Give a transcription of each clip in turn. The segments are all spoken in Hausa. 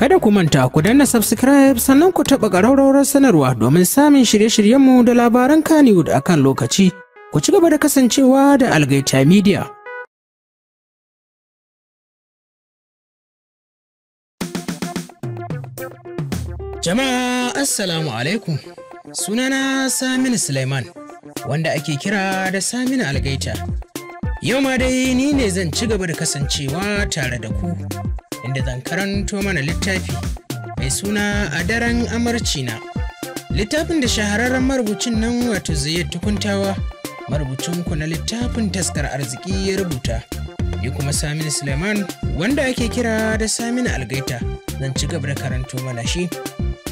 Kada ku manta ku danna subscribe sannan ku taɓa ƙararrawar sanarwa domin samun shirye-shiryenmu da labaran Kannywood akan lokaci. Ku ci gaba da kasancewa da Algaita Media. Jama'a Assalamu alaikum. Sunana Saminu suleiman wanda ake kira da Saminu Algaita. Yau ma dai ni ne zan ci gaba da kasancewa tare da ku inda zan karanto mana littafi mai suna a daren amarcina littafin da shahararren marubucin nan wato zai tukuntawa marubucin ku na littafin taskar arziki ya rubuta ya kuma samin suleiman wanda ake kira da samin algaita zan ci gaba da karanto mana shi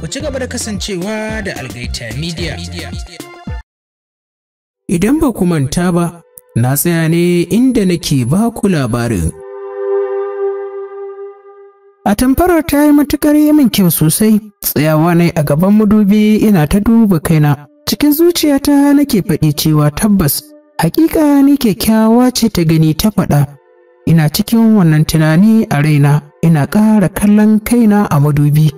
ku ci gaba da kasancewa da algaita media idan ba ku manta ba na tsaya ne inda nake ba ku labarin A tamfarar ta yi matuƙar yi min kyau sosai, tsayawa ne a gaban madubi ina ta duba kaina. Cikin zuciyata nake faɗi cewa tabbas, haƙiƙa ni kyakkyawa ce ta gani ta faɗa. Ina cikin wannan tunani a raina, ina ƙara kallon kaina a madubi.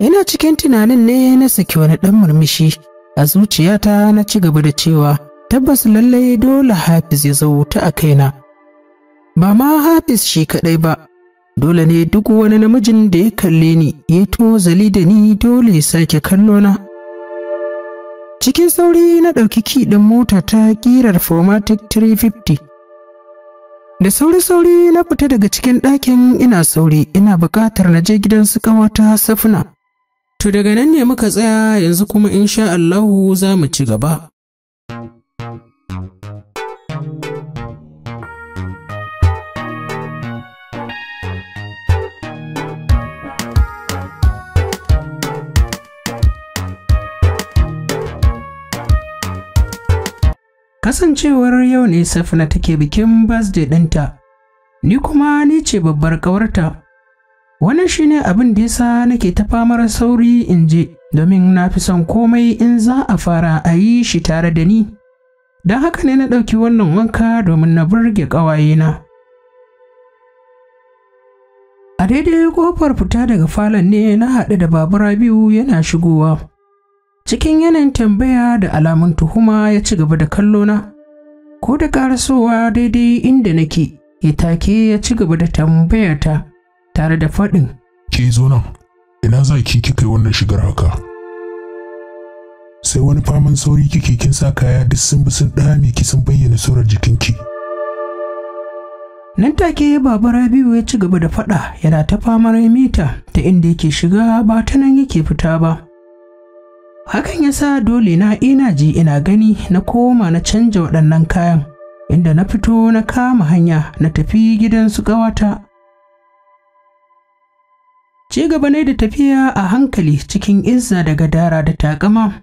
Ina cikin tunanin ne na saki wani ɗan murmushi, a zuciyata na ci gaba da cewa tabbas lallai dole Hafiz ya zauta a kaina. Ba ma Hafiz shi kaɗai ba, dole ne duk wani namijin da ya kalle ni ya tozali da ni dole ya sake kallona cikin sauri na ɗauki ki mota ta ƙirar formatic 350 da sauri-sauri na fita daga cikin ɗakin ina sauri ina buƙatar na je gidan su ƙawata safuna to daga nan ne muka tsaya yanzu kuma insha Allahu za mu ci gaba Kasancewar yau ne Safina take bikin birthday ɗinta, ni kuma ni ce babbar ƙawarta. Wannan shine abin da yasa nake ta famar sauri in je domin na fi son komai in za a fara a yi shi tare da ni. Don haka ne na ɗauki wannan wanka domin na burge ƙawayena. A daidai ƙofar fita daga falon ne na haɗu da Babu Rabiu yana shigowa. cikin yanayin tambaya da alamun tuhuma ya ci gaba da kallona ko da karasowa daidai inda nake ya take ya ci gaba da tambayata tare da faɗin ki zo nan ina za ki kika yi wannan shigar haka sai wani faman sauri kike kin sa kaya duk sun bi sun dame ki sun bayyana surar jikinki nan take baba rabiu ya ci gaba da faɗa yana ta famar mita ta inda yake shiga ba ta nan yake fita ba Hakan ya sa dole na ina ji ina gani na koma na canja waɗannan kayan, inda na fito na kama hanya na tafi gidan su ƙawata. Ci gaba ne da tafiya a hankali cikin izza daga dara da takama.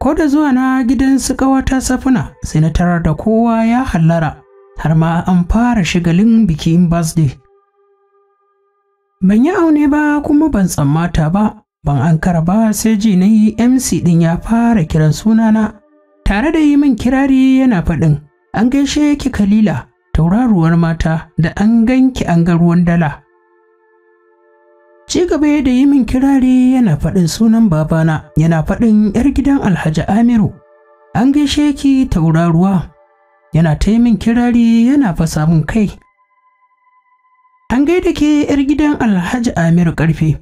Ko da zuwa na gidan su ƙawata safuna sai na tarar da kowa ya hallara, har ma an fara shigalin bikin birthday. Ban yi aune ba kuma ban tsammata ba, ban ankara ba sai ji na yi mc ɗin ya fara kiran sunana tare da yi min kirari yana faɗin an gaishe ki kalila tauraruwar mata da an ganki an garuwan dala ci gaba da yi min kirari yana faɗin sunan babana yana faɗin 'yar gidan alhaji amiru an gaishe ki tauraruwa yana ta yi min kirari yana fasa min kai an gaida ke 'yar gidan alhaji amiru karfe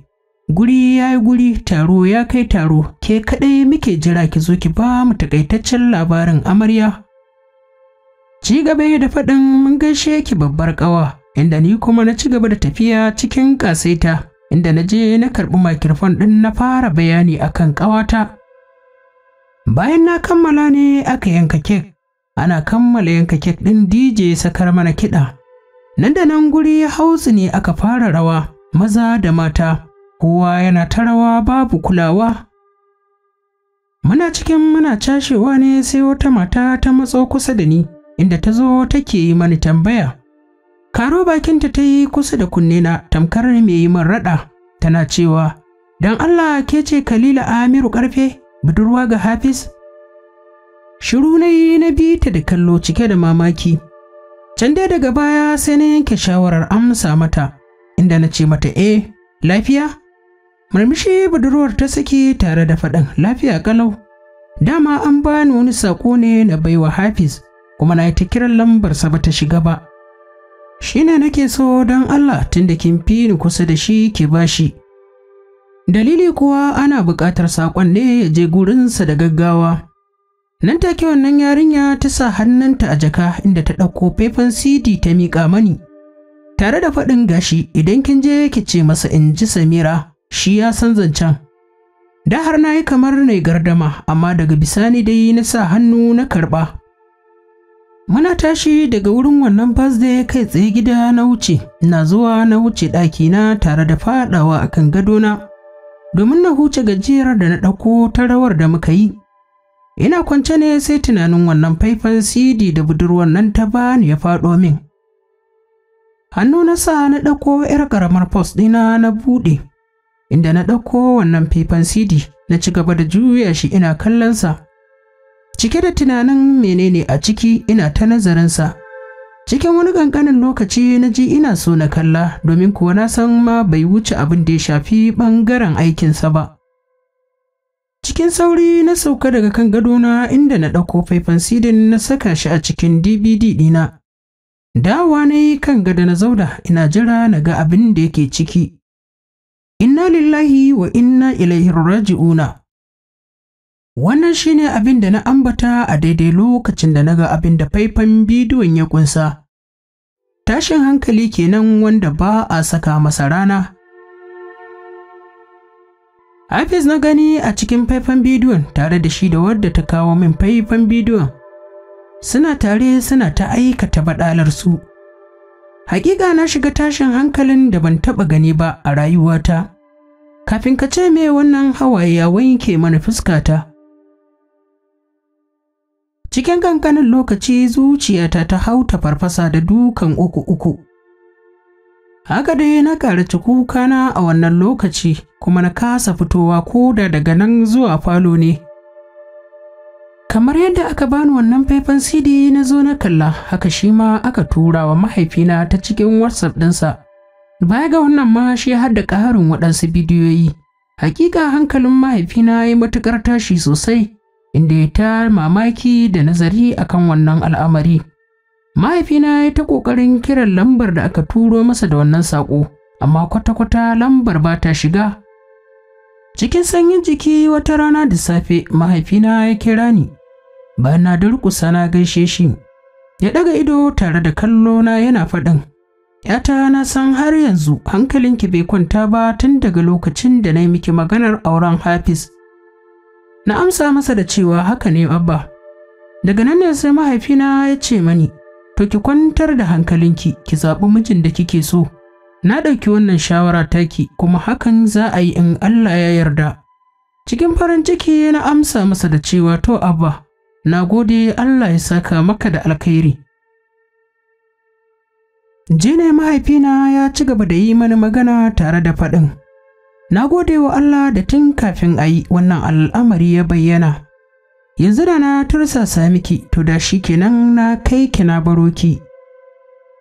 Guri ya yi guri, taro ya kai taro, ke kaɗai muke jira ki zo ki ba mu takaitaccen labarin amarya. Ci gaba da faɗin mun gaishe ki babbar ƙawa, inda ni kuma na ci gaba da tafiya cikin ƙasaita, inda na je na karɓi makirfon ɗin na fara bayani akan ƙawata. Bayan na kammala ne aka yanka kek, ana kammala yanka kek ɗin DJ sakar mana kiɗa. Nan da nan guri hausu ne aka fara rawa, maza da mata. kowa yana ta rawa babu kulawa. Muna cikin muna cashewa ne sai wata mata ta matso kusa da ni, inda ta zo take yi mani tambaya. Karo bakinta ta yi kusa da kunne na tamkar mai yi min raɗa, tana cewa, Don Allah ke ce Kalila Amiru karfe? budurwa ga Hafiz? Shiru na yi na bi ta da kallo cike da mamaki. Can dai daga baya sai na yanke shawarar amsa mata, inda na ce mata, E, lafiya? Murmushi budurwar ta saki tare da faɗin lafiya kalau. Dama an bani wani sako ne na baiwa Hafiz kuma na yi ta kiran lambar sa bata shiga ba. shine nake so don Allah tunda kin fi ni kusa da shi ki bashi. Dalili kuwa ana buƙatar saƙon ne ya je gurinsa da gaggawa. Nan take wannan yarinya ta sa hannunta a jaka inda ta ɗauko faifan CD ta miƙa mani. Tare da faɗin gashi idan kin je ki ce masa in ji Samira. shi ya san zancen da har na yi kamar na gardama amma daga bisani dai na sa hannu na karɓa muna tashi daga wurin wannan birthday kai tsaye gida na wuce na zuwa na wuce ɗakina tare da faɗawa akan gadona domin na huce gajiyar da na ɗauko ta rawar da muka yi ina kwance ne sai tunanin wannan faifan cd da budurwar nan ta bani ya faɗo min hannu na sa na ɗauko 'yar ƙaramar post ɗina na buɗe inda na ɗauko wannan faifan CD na ci gaba da juya shi ina kallonsa. Cike da tunanin menene a ciki ina ta nazarinsa. Cikin wani ƙanƙanin lokaci na ji ina so na kalla domin kuwa na san ma bai wuce abin da ya shafi ɓangaren aikinsa ba. Cikin sauri na sauka daga kan gadona inda na ɗauko faifan CD na saka shi a cikin DVD ɗina. Dawa na kan gada na zauda ina jira na ga abin da yake ciki. inna lillahi wa inna ilaihi raji'una wannan shine abin da na ambata a daidai lokacin da na ga abin da faifan bidiyon ya kunsa tashin hankali kenan wanda ba a saka masa rana Hafiz na gani a cikin faifan bidiyon tare da shi da wadda ta kawo min faifan bidiyon suna tare suna ta aikata baɗalarsu. su Hakika na shiga tashin hankalin da ban taɓa gani ba a rayuwata. kafin ka ce me wannan hawaye ya wanke mana fuskata. Cikin kankanin lokaci zuciyata ta hauta farfasa da dukan uku-uku. Haka dai na ƙaraci kukana a wannan lokaci kuma na kasa fitowa ko da daga nan zuwa falo ne. Kamar yadda aka bani wannan faifan CD na zo na kalla haka shi ma aka tura wa mahaifina ta cikin WhatsApp ɗinsa. Baya ga wannan ma shi har da ƙarin waɗansu bidiyoyi. Hakika hankalin mahaifina ya matuƙar tashi sosai, inda ya ta mamaki da nazari akan wannan al'amari. Mahaifina ya ta ƙoƙarin kiran lambar da aka turo masa da wannan saƙo, amma kwata-kwata lambar ba ta shiga. Cikin sanyin jiki wata rana da safe mahaifina ya kira ni, bayan na durƙusa na gaishe shi, ya ɗaga ido tare da kallona yana faɗin. ‘Yata na san har yanzu hankalinki bai kwanta ba tun daga lokacin da na yi miki maganar auren Hafiz. Na amsa masa da cewa haka ne abba. Daga nan ne sai mahaifina ya ce mani, to ki kwantar da hankalinki ki zaɓi mijin da kike so. Na ɗauki wannan shawara taki kuma hakan za a yi in Allah ya yarda. Cikin farin ciki na amsa masa da cewa to abba, na gode Allah ya saka maka da alkhairi. Jine mahaifina ya ci gaba da yi mana magana tare da faɗin. Na gode wa Allah da tun kafin a yi wannan al'amari ya bayyana. Yanzu da na tursasa miki to da shi kenan na kai ki na baro ki.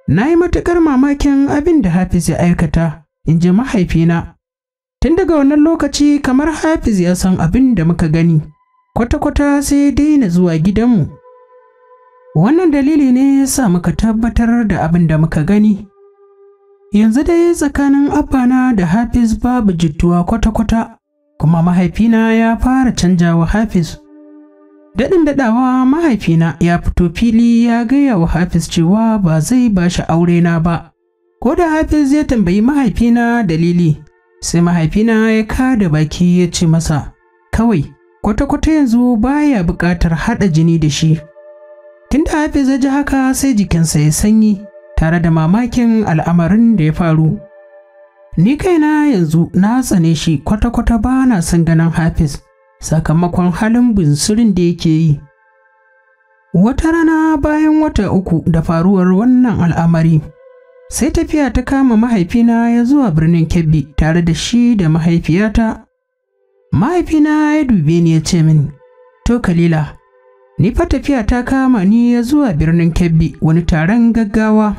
Na yi matuƙar mamakin abin da Hafiz ya aikata, in ji mahaifina. Tun daga wannan lokaci kamar Hafiz ya san abin da muka gani, kwata-kwata sai daina zuwa gidanmu. Wannan dalili ne ya sa muka tabbatar da abin da muka gani. Yanzu dai tsakanin Abbana da Hafiz babu jituwa kwata-kwata, kuma mahaifina ya fara canjawa Hafiz. Daɗin daɗawa mahaifina ya fito fili ya gaya wa Hafiz cewa ba zai ba shi aure na ba. Ko da Hafiz ya tambayi mahaifina dalili, sai mahaifina ya kada baki ya ce masa, kawai kwata-kwata yanzu baya buƙatar haɗa jini da shi. tun Hafiz ya ji haka sai jikinsa ya sanyi tare da mamakin al'amarin da ya faru. Ni kaina yanzu na tsane shi kwata-kwata ba na son ganin Hafiz sakamakon halin binsirin da yake yi. Wata rana bayan wata uku da faruwar wannan al'amari, sai tafiya ta kama mahaifina ya zuwa birnin Kebbi tare da shi da mahaifiyata. Mahaifina ya dube ni ya ce mini, To Kalila, Ni fa tafiya ta kama ni ya zuwa birnin Kebbi wani taron gaggawa,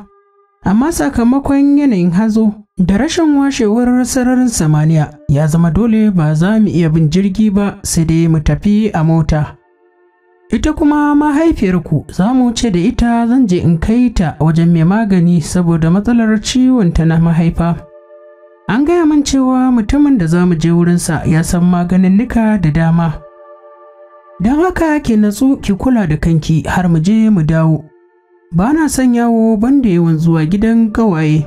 amma sakamakon yanayin hazo da rashin washewar sararin samaniya ya zama dole ba za mu iya bin jirgi ba sai dai mu tafi a mota. Ita kuma mahaifiyarku za mu ce da ita zan je in kai ta wajen mai magani saboda matsalar ciwon ta na mahaifa. An gaya min cewa mutumin da za mu je wurinsa ya san maganin nika da dama. don haka ki natsu ki kula da kanki har mu je mu dawo ba na son yawo banda yawan zuwa gidan gawaye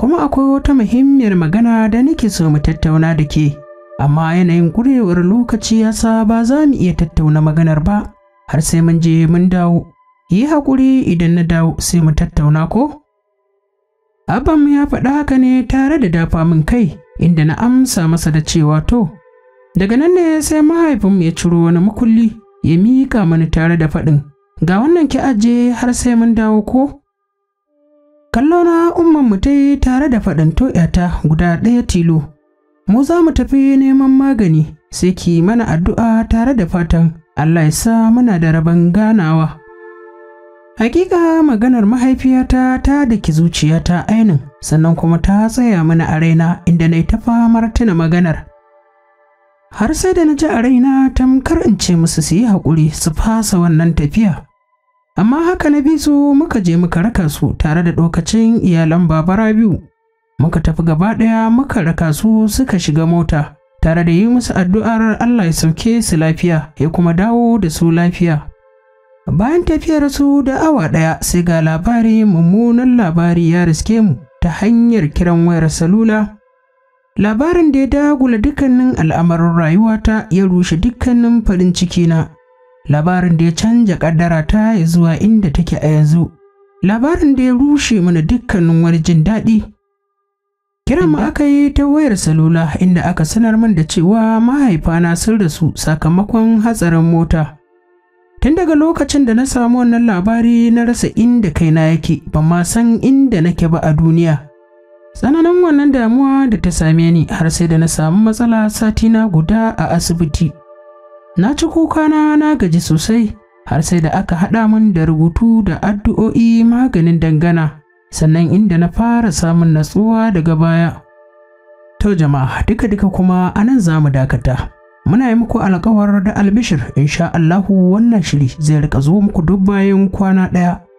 kuma akwai wata muhimmiyar magana da nake so mu tattauna da ke amma yanayin kurewar lokaci ya sa ba za mu iya tattauna maganar ba har sai mun je mun dawo yi haƙuri idan na dawo sai mu tattauna ko mu ya faɗa haka ne tare da dafa min kai inda na amsa masa da cewa to Daga nan ne sai mahaifinmu ya ciro wani makulli ya mika mani tare da faɗin, ga wannan ki aje har sai mun dawo ko? Kallo na umman mu ta tare da faɗin ta guda ɗaya tilo. Mu za mu tafi neman magani sai ki mana addu'a tare da fatan Allah ya sa muna da rabon ganawa. Hakika maganar mahaifiyata ta daki zuciyata ainin sannan kuma ta tsaya mana a raina inda na ta famar tuna maganar. har sai da na ji a raina tamkar in ce musu su yi haƙuri su fasa wannan tafiya. Amma haka na bi su muka je muka raka su tare da ɗaukacin iyalan babara biyu. Muka tafi gaba ɗaya muka raka su suka shiga mota tare da yi musu addu'ar Allah ya sauke su lafiya ya kuma dawo da su lafiya. Bayan tafiyar su da awa ɗaya sai ga labari mummunan labari ya riske mu ta hanyar kiran wayar salula. Labarin da ya dagula dukkanin al'amarin rayuwata ya rushe dukkanin farin cikina. Labarin da ya canja ƙaddarata ya zuwa inda take a yanzu. Labarin da ya rushe mana dukkanin wani jin daɗi. Kiran mu aka yi ta wayar salula inda aka sanar min da cewa mahaifana sun rasu sakamakon hatsarin mota. Tun daga lokacin da na samu wannan labari na rasa inda kaina yake, ban ma san inda nake ba a duniya. tsananin wannan damuwa da ta same ni har sai da na samu matsala satina guda a asibiti na ci kukana na gaji sosai har sai da aka haɗa min da rubutu da addu'o'i maganin dangana sannan inda na fara samun natsuwa daga baya to jama'a duka-duka kuma anan za mu dakata muna yi muku alkawar da albishir insha Allahu wannan shiri zai rika zo muku duk bayan kwana ɗaya